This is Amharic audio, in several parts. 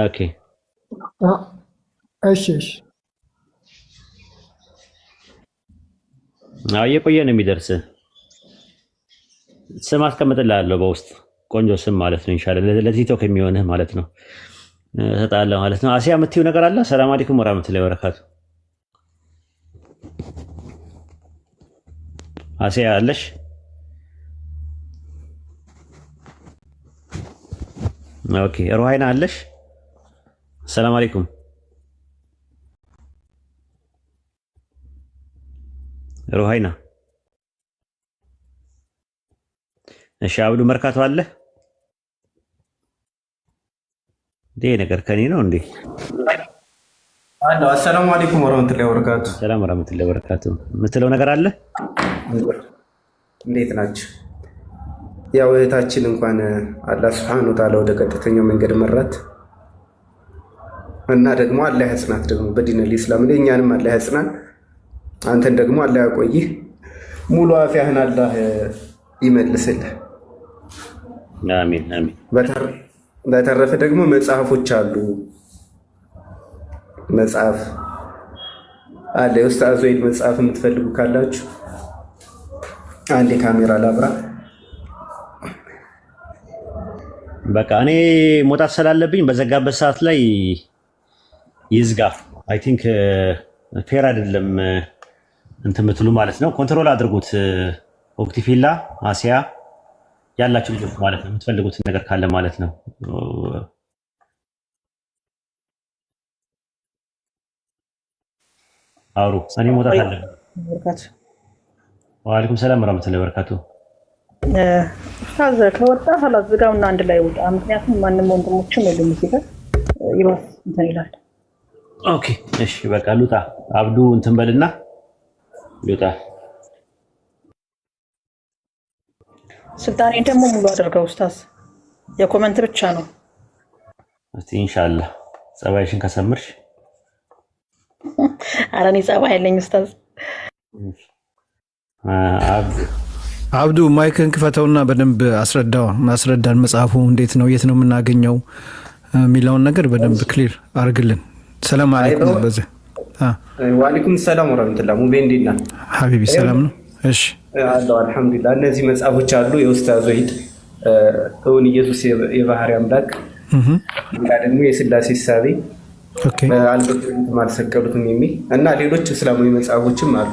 ኦኬ እሺ እሺ። አዎ እየቆየ ነው የሚደርስ። ስም አስቀምጥልሃለሁ በውስጥ ቆንጆ ስም ማለት ነው። ኢንሻአላህ ለቲክቶክ የሚሆንህ ማለት ነው። እሰጥሃለሁ ማለት ነው። አሲያ የምትይው ነገር አለ። ሰላም አለይኩም ወራህመቱላሂ ወበረካቱ። አሲያ አለሽ? ኦኬ ሩሃይና አለሽ? ሰላም አለይኩም። ሩሃይና እሺ፣ አብዱ መርካቶ አለ እንዴ? ነገር ከኔ ነው እንዴ? አሎ፣ አሰላሙ አለይኩም ወራህመቱላሂ ወበረካቱ። ሰላም ወራህመቱላሂ ወበረካቱ። የምትለው ነገር አለ? እንዴት ናችሁ? ያው እህታችን እንኳን አላህ ሱብሓነሁ ወተዓላ ወደ ቀጥተኛው መንገድ መራት። እና ደግሞ አላህ ያጽናት ደግሞ በዲነል ኢስላም ላይ እኛንም አላህ ያጽናን፣ አንተን ደግሞ አላህ ያቆይህ፣ ሙሉ አፍያህን አላህ ይመልስልህ። አሚን አሚን። በተረፈ ደግሞ መጽሐፎች አሉ። መጽሐፍ አለ የኡስታዝ ወይድ መጽሐፍ የምትፈልጉ ካላችሁ አንዴ ካሜራ ላብራ። በቃ እኔ መውጣት ስላለብኝ በዘጋበት ሰዓት ላይ ይዝጋ። አይ ቲንክ ፌር አይደለም uh, እንትን ምትሉ ማለት ነው። ኮንትሮል አድርጉት። ኦክቲፊላ uh, አሲያ ያላችሁ ልጆች ማለት ነው የምትፈልጉት ነገር ካለ ማለት ነው። አውሩ። እኔ መውጣት አለ። ዋአለይኩም ሰላም ወራህመቱላሂ በረካቱ ኡስታዝ ከወጣ ላ ዝጋውና አንድ ላይ ውጣ። ምክንያቱም ማንም ወንድሞችም የሉም እዚህ ጋር ይባስ እንትን ይላል። ኦኬ እሺ፣ በቃ ሉጣ አብዱ እንትን በልና ሉጣ ስልጣኔ ደግሞ ሙሉ አድርገው ኡስታዝ፣ የኮመንት ብቻ ነው። እስቲ ኢንሻአላህ ጸባይሽን ከሰምርሽ። ኧረ እኔ ጸባይ አለኝ ኡስታዝ። አብዱ ማይክን ክፈተውና በደንብ አስረዳው አስረዳን። መጽሐፉ እንዴት ነው፣ የት ነው የምናገኘው የሚለውን ነገር በደንብ ክሊር አርግልን። ሰላም አለይኩም። በዚህ ዋሊኩም ሰላም ወረህመቱላህ። ሙቤ እንዴት ነህ ሀቢቢ? ሰላም ነው። እሺ አለው አልሐምዱሊላህ። እነዚህ መጽሐፎች አሉ የኡስታዝ ወሒድ እውን ኢየሱስ የባህሪ አምላክ እና ደግሞ የስላሴ ሳቤ አልበትም አልሰቀሉትም የሚል እና ሌሎች እስላማዊ መጽሐፎችም አሉ።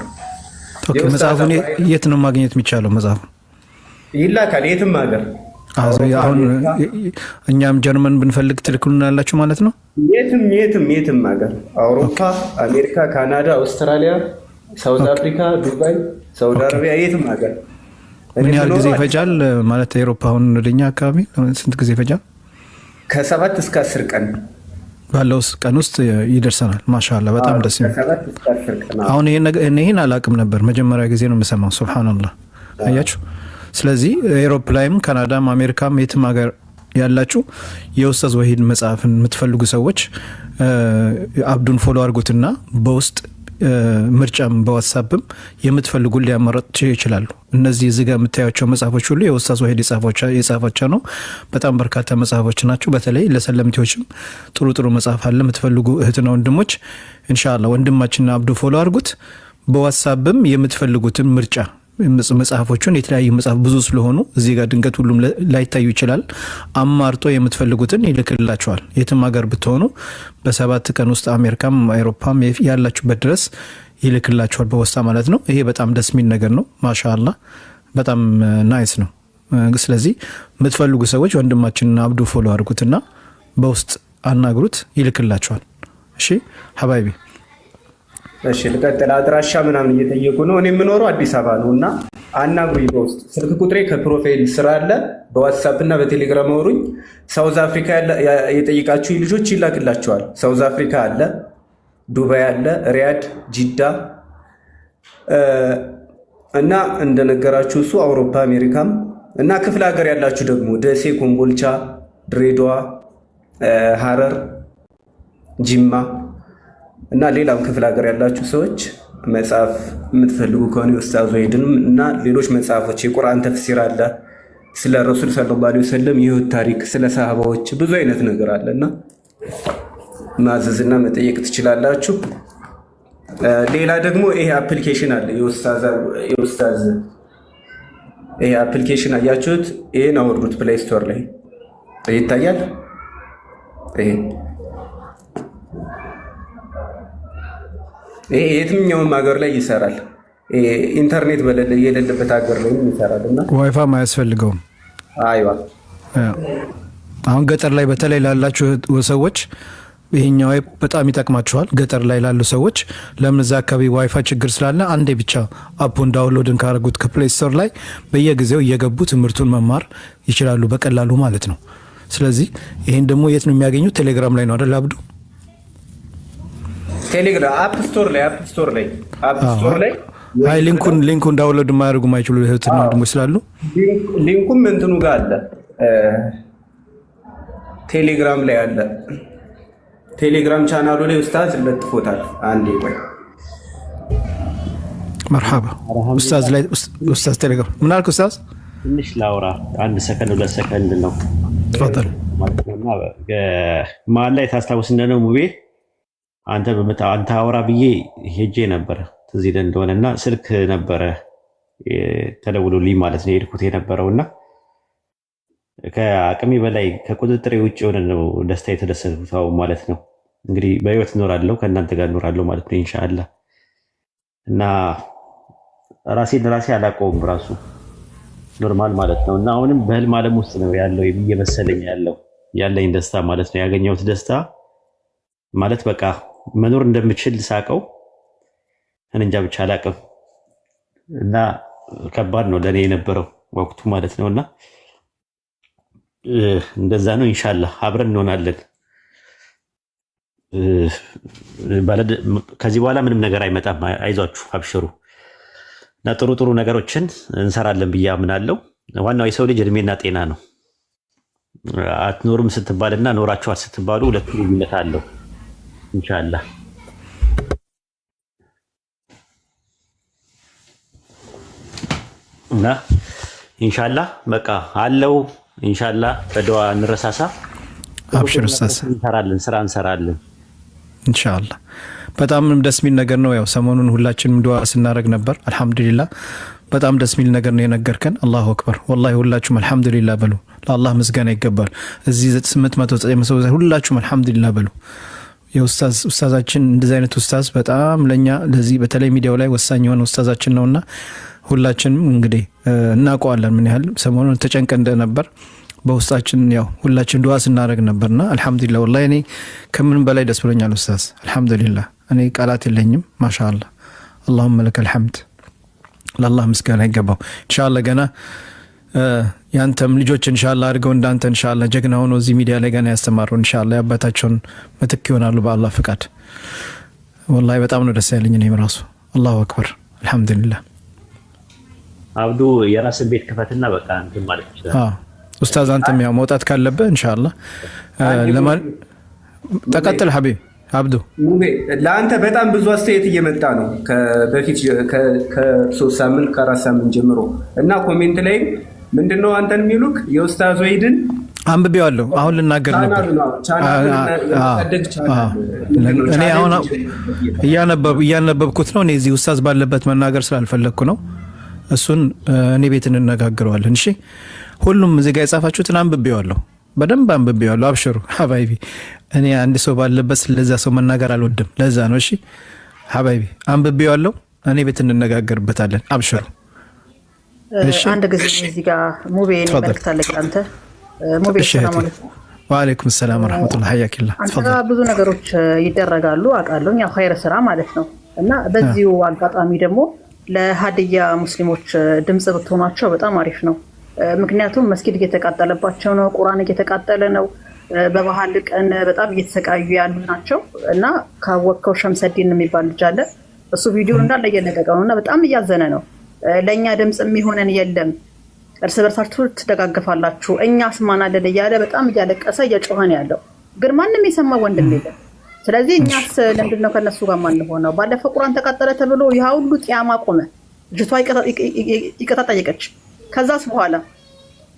መጽሐፉን የት ነው ማግኘት የሚቻለው? መጽሐፉ ይላካል የትም ሀገር አሁን እኛም ጀርመን ብንፈልግ ትልክሉናላችሁ ማለት ነው? የትም የትም የትም ሀገር አውሮፓ፣ አሜሪካ፣ ካናዳ፣ አውስትራሊያ፣ ሳውት አፍሪካ፣ ዱባይ፣ ሳውዲ አረቢያ የትም ሀገር። ምን ያህል ጊዜ ይፈጃል ማለት የአውሮፓ አሁን ወደኛ አካባቢ ስንት ጊዜ ይፈጃል? ከሰባት እስከ አስር ቀን ባለው ቀን ውስጥ ይደርሰናል። ማሻላ በጣም ደስ አሁን ይህን አላቅም ነበር፣ መጀመሪያ ጊዜ ነው የምሰማው። ሱብሃነላህ አያችሁ ስለዚህ ኤሮፕ ላይም ካናዳም አሜሪካም የትም ሀገር ያላችሁ የኡስታዝ ወሂድ መጽሐፍን የምትፈልጉ ሰዎች አብዱን ፎሎ አድርጉትና በውስጥ ምርጫም በዋትሳፕም የምትፈልጉን ሊያመረጥ ይችላሉ። እነዚህ እዚህ ጋር የምታያቸው መጽሐፎች ሁሉ የኡስታዝ ወሂድ የጻፋቸው ነው። በጣም በርካታ መጽሐፎች ናቸው። በተለይ ለሰለምቴዎችም ጥሩ ጥሩ መጽሐፍ አለ። የምትፈልጉ እህትና ወንድሞች እንሻላ ወንድማችንና አብዱ ፎሎ አድርጉት። በዋትሳፕም የምትፈልጉትን ምርጫ መጽሐፎቹን የተለያዩ መጽሐፍ ብዙ ስለሆኑ እዚህ ጋር ድንገት ሁሉም ላይታዩ ይችላል። አማርጦ የምትፈልጉትን ይልክላቸዋል የትም ሀገር ብትሆኑ በሰባት ቀን ውስጥ አሜሪካም አውሮፓም ያላችሁበት ድረስ ይልክላቸዋል በወስታ ማለት ነው። ይሄ በጣም ደስ የሚል ነገር ነው። ማሻላ በጣም ናይስ ነው። ስለዚህ የምትፈልጉ ሰዎች ወንድማችንን አብዱ ፎሎ አድርጉትና በውስጥ አናግሩት፣ ይልክላቸዋል። እሺ ሀባይቢ እሺ ልቀጥል። አድራሻ ምናምን እየጠየቁ ነው። እኔ የምኖረው አዲስ አበባ ነው እና አናግሩኝ በውስጥ ስልክ ቁጥሬ ከፕሮፋይል ስራ አለ። በዋትሳፕ እና በቴሌግራም አውሩኝ። ሳውዝ አፍሪካ የጠይቃችሁ ልጆች ይላክላቸዋል። ሳውዝ አፍሪካ አለ፣ ዱባይ አለ፣ ሪያድ፣ ጂዳ እና እንደነገራችሁ እሱ አውሮፓ፣ አሜሪካም እና ክፍለ ሀገር ያላችሁ ደግሞ ደሴ፣ ኮምቦልቻ፣ ድሬዳዋ፣ ሀረር፣ ጅማ እና ሌላም ክፍለ ሀገር ያላችሁ ሰዎች መጽሐፍ የምትፈልጉ ከሆነ ኡስታዝ ወሒድንም እና ሌሎች መጽሐፎች የቁርአን ተፍሲር አለ፣ ስለ ረሱል ሰለላሁ ዓለይሂ ወሰለም የህይወት ታሪክ፣ ስለ ሰሃባዎች ብዙ አይነት ነገር አለ እና ማዘዝና መጠየቅ ትችላላችሁ። ሌላ ደግሞ ይሄ አፕሊኬሽን አለ የኡስታዝ ይሄ አፕሊኬሽን አያችሁት? ይሄን አወርዱት ፕሌይ ስቶር ላይ ይታያል። የትኛውም ሀገር ላይ ይሰራል። ኢንተርኔት የሌለበት ሀገር ላይ ይሰራል እና ዋይፋም አያስፈልገውም። አይዋ አሁን ገጠር ላይ በተለይ ላላችሁ ሰዎች ይሄኛው በጣም ይጠቅማችኋል። ገጠር ላይ ላሉ ሰዎች ለምን እዛ አካባቢ ዋይፋ ችግር ስላለ አንዴ ብቻ አፑን ዳውንሎድን ካደረጉት ከፕሌይ ስቶር ላይ በየጊዜው እየገቡ ትምህርቱን መማር ይችላሉ በቀላሉ ማለት ነው። ስለዚህ ይህን ደግሞ የት ነው የሚያገኙት? ቴሌግራም ላይ ነው አይደል አብዱ? ቴሌግራም አፕ ስቶር ላይ አፕ ስቶር ላይ አፕ ስቶር ላይ አይ ሊንኩን ሊንኩን ዳውንሎድ ማድረጉ ማይችሉ እህትና ወንድሞች ስላሉ ሊንኩም እንትኑ ጋር አለ ቴሌግራም ላይ አለ። ቴሌግራም ቻናሉ ላይ ኡስታዝ ለጥፎታል። አንዴ ቆይ መርሐባ ኡስታዝ ላይ ኡስታዝ ቴሌግራም ምን አልክ ኡስታዝ? ትንሽ ላውራ አንድ ሰከንድ ሁለት ሰከንድ ነው። ተፈጠረ ማለት ነው። መሀል ላይ አንተ አንተ አውራ ብዬ ሄጄ ነበረ ትዝ ይለን እንደሆነ እና ስልክ ነበረ ተደውሎልኝ ማለት ነው የሄድኩት የነበረው እና ከአቅሜ በላይ ከቁጥጥሬ ውጭ የሆነ ነው ደስታ የተደሰትኩት ማለት ነው። እንግዲህ በህይወት እኖራለሁ ከእናንተ ጋር እኖራለሁ ማለት ነው ኢንሻአላህ እና ራሴን ራሴ አላውቀውም ራሱ ኖርማል ማለት ነው እና አሁንም በህልም ዓለም ውስጥ ነው ያለው እየመሰለኝ ያለው ያለኝ ደስታ ማለት ነው ያገኘሁት ደስታ ማለት በቃ መኖር እንደምችል ሳቀው እንጃ ብቻ አላቅም እና ከባድ ነው ለእኔ የነበረው ወቅቱ ማለት ነው። እና እንደዛ ነው። እንሻላ አብረን እንሆናለን። ከዚህ በኋላ ምንም ነገር አይመጣም። አይዟችሁ፣ አብሽሩ እና ጥሩ ጥሩ ነገሮችን እንሰራለን ብዬ አምናለሁ። ዋናው የሰው ልጅ እድሜና ጤና ነው። አትኖርም ስትባልና ኖራችኋል ስትባሉ ሁለቱ ልዩነት አለው። ኢንሻአላህ እና ኢንሻአላህ በቃ አለው። ኢንሻአላህ በደዋ እንረሳሳ። አብሽር ኡስታዝ፣ እንሰራለን፣ ስራ እንሰራለን ኢንሻአላህ። በጣም ደስ የሚል ነገር ነው። ያው ሰሞኑን ሁላችንም ድዋ ስናደርግ ነበር። አልሐምዱሊላህ በጣም ደስ የሚል ነገር ነው የነገርከን። አላሁ አክበር ወላሂ፣ ሁላችሁም አልሐምዱሊላህ በሉ። ለአላህ ምስጋና ይገባል። እዚህ ስምንት መቶ ዘጠኝ ሁላችሁም አልሐምዱሊላህ በሉ። የኡስታዝ ኡስታዛችን እንደዚህ አይነት ኡስታዝ በጣም ለእኛ ለዚህ በተለይ ሚዲያው ላይ ወሳኝ የሆነ ኡስታዛችን ነውና ሁላችንም እንግዲህ እናውቀዋለን ምን ያህል ሰሞኑን ተጨንቀ እንደነበር በውስጣችን ያው ሁላችን ድዋ ስናደረግ ነበርና አልሐምዱሊላ ወላሂ እኔ ከምንም በላይ ደስ ብሎኛል ኡስታዝ አልሐምዱሊላ እኔ ቃላት የለኝም ማሻአላ አላሁመ ለከ አልሐምድ ለአላህ ምስጋና ይገባው ኢንሻአላ ገና ያንተም ልጆች እንሻላ አድርገው እንዳንተ እንሻላ ጀግና ሆኖ እዚህ ሚዲያ ላይ ገና ያስተማሩ እንሻላ የአባታቸውን ምትክ ይሆናሉ በአላህ ፍቃድ። ወላሂ በጣም ነው ደስ ያለኝ እኔም ራሱ አላሁ አክበር አልሐምዱሊላህ። አብዱ የራስን ቤት ክፈትና በቃ እንትን ማለት ይችላል። ኡስታዝ አንተም ያው መውጣት ካለብህ እንሻላ ተቀጥል ሀቢብ አብዱ ለአንተ በጣም ብዙ አስተያየት እየመጣ ነው። በፊት ከሶስት ሳምንት ከአራት ሳምንት ጀምሮ እና ኮሜንት ላይም ምንድነው አንተን የሚሉክ የኡስታዝ ወሒድን አንብቤዋለሁ። አሁን ልናገር ነበር። እኔ አሁን እያነበብኩት ነው። እኔ እዚህ ኡስታዝ ባለበት መናገር ስላልፈለግኩ ነው። እሱን እኔ ቤት እንነጋግረዋለን። እሺ፣ ሁሉም እዚህ ጋ የጻፋችሁትን አንብቤዋለሁ፣ በደንብ አንብቤዋለሁ። አብሽሩ ሀባይቢ። እኔ አንድ ሰው ባለበት ለዛ ሰው መናገር አልወድም። ለዛ ነው። እሺ ሀባይቢ፣ አንብቤዋለሁ። እኔ ቤት እንነጋገርበታለን። አብሽሩ አንድ ጊዜ እዚህ ጋር ሙቤ መልክት አንተ ሙቤ ሰላም ሰላም ወረሕመቱላህ። ሀያኪላ አንተ ብዙ ነገሮች ይደረጋሉ አውቃለሁ፣ ያው ኸይረ ስራ ማለት ነው። እና በዚሁ አጋጣሚ ደግሞ ለሀድያ ሙስሊሞች ድምፅ ብትሆኗቸው በጣም አሪፍ ነው። ምክንያቱም መስጊድ እየተቃጠለባቸው ነው፣ ቁርአን እየተቃጠለ ነው፣ በባህል ቀን በጣም እየተሰቃዩ ያሉ ናቸው። እና ካወቅከው ሸምሰዲን የሚባል ልጅ አለ፣ እሱ ቪዲዮ እንዳለ እየለቀቀ ነው እና በጣም እያዘነ ነው ለእኛ ድምፅ የሚሆነን የለም፣ እርስ በርሳችሁ ትደጋግፋላችሁ፣ እኛ ስማናለን እያለ በጣም እያለቀሰ እየጮኸን ያለው ግን ማንም የሰማው ወንድም የለም። ስለዚህ እኛስ ለምንድን ነው ከነሱ ጋር ማንሆነው? ባለፈው ቁራን ተቃጠለ ተብሎ ያ ሁሉ ቅያማ ቆመ። ልጅቷ ይቅርታ ጠየቀች። ከዛስ በኋላ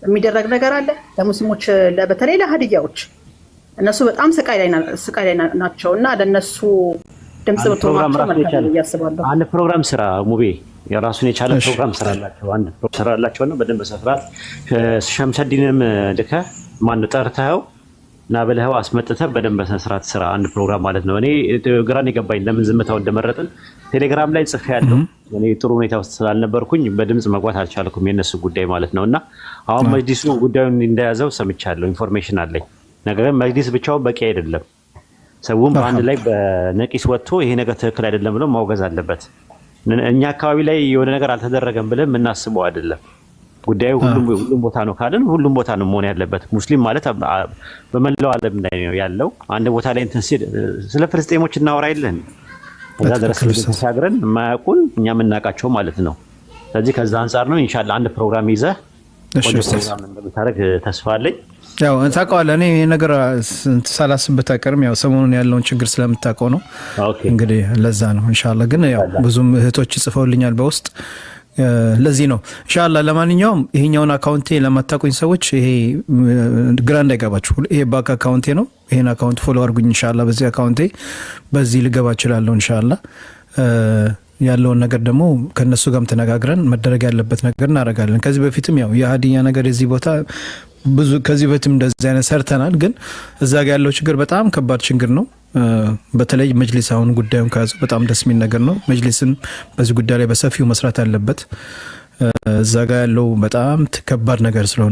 የሚደረግ ነገር አለ። ለሙስሊሞች በተለይ ለሀድያዎች እነሱ በጣም ስቃይ ላይ ናቸው እና ለእነሱ ድምፅ ብትሆናቸው እያስባለሁ። አንድ ፕሮግራም ስራ ሙቤ የራሱን የቻለ ፕሮግራም ስራላቸው አንድ ፕሮግራም ስራላቸው ነው። በደንብ በስርዓት ሸምሰዲንም ልከ ማን ጠርተኸው እና ብለኸው አስመጥተ በደንብ በስነስርዓት ስራ አንድ ፕሮግራም ማለት ነው። እኔ ግራን የገባኝ ለምን ዝምታው እንደመረጥን ቴሌግራም ላይ ጽፌ ያለው እኔ ጥሩ ሁኔታ ውስጥ ስላልነበርኩኝ በድምፅ መግባት አልቻልኩም። የእነሱ ጉዳይ ማለት ነው እና አሁን መጅሊሱ ጉዳዩን እንደያዘው ሰምቻለሁ፣ ኢንፎርሜሽን አለኝ። ነገር ግን መጅሊስ ብቻውን በቂ አይደለም። ሰውም በአንድ ላይ በነቂስ ወጥቶ ይሄ ነገር ትክክል አይደለም ብሎ ማውገዝ አለበት። እኛ አካባቢ ላይ የሆነ ነገር አልተደረገም ብለን የምናስበው አይደለም። ጉዳዩ ሁሉም ቦታ ነው ካለን ሁሉም ቦታ ነው መሆን ያለበት። ሙስሊም ማለት በመላው ዓለም ላይ ነው ያለው። አንድ ቦታ ላይ እንትን ሲል ስለ ፍልስጤሞች እናወራ የለን እዛ ድረስ ተሻግረን የማያውቁን እኛ የምናውቃቸው ማለት ነው። ስለዚህ ከዛ አንጻር ነው ኢንሻላህ አንድ ፕሮግራም ይዘህ ቆንጆ ፕሮግራም እንደምታደርግ ተስፋ አለኝ። ያው ታውቀዋለህ፣ እኔ ነገር ሳላስብበት አይቀርም። ያው ሰሞኑን ያለውን ችግር ስለምታውቀው ነው እንግዲህ ለዛ ነው። እንሻላ ግን ያው ብዙም እህቶች ጽፈውልኛል በውስጥ ለዚህ ነው እንሻላ። ለማንኛውም ይሄኛውን አካውንቴ ለማታቁኝ ሰዎች ይሄ ግራ እንዳይገባችሁ፣ ይሄ ባክ አካውንቴ ነው። ይሄን አካውንት ፎሎ አድርጉኝ እንሻላ። በዚህ አካውንቴ በዚህ ልገባ እችላለሁ እንሻላ። ያለውን ነገር ደግሞ ከነሱ ጋርም ተነጋግረን መደረግ ያለበት ነገር እናደርጋለን። ከዚህ በፊትም ያው የሀዲያ ነገር የዚህ ቦታ ብዙ ከዚህ በፊትም እንደዚህ አይነት ሰርተናል። ግን እዛ ጋ ያለው ችግር በጣም ከባድ ችግር ነው። በተለይ መጅሊስ አሁን ጉዳዩን ከያዘ በጣም ደስ የሚል ነገር ነው። መጅሊስን በዚህ ጉዳይ ላይ በሰፊው መስራት አለበት። እዛ ጋ ያለው በጣም ከባድ ነገር ስለሆነ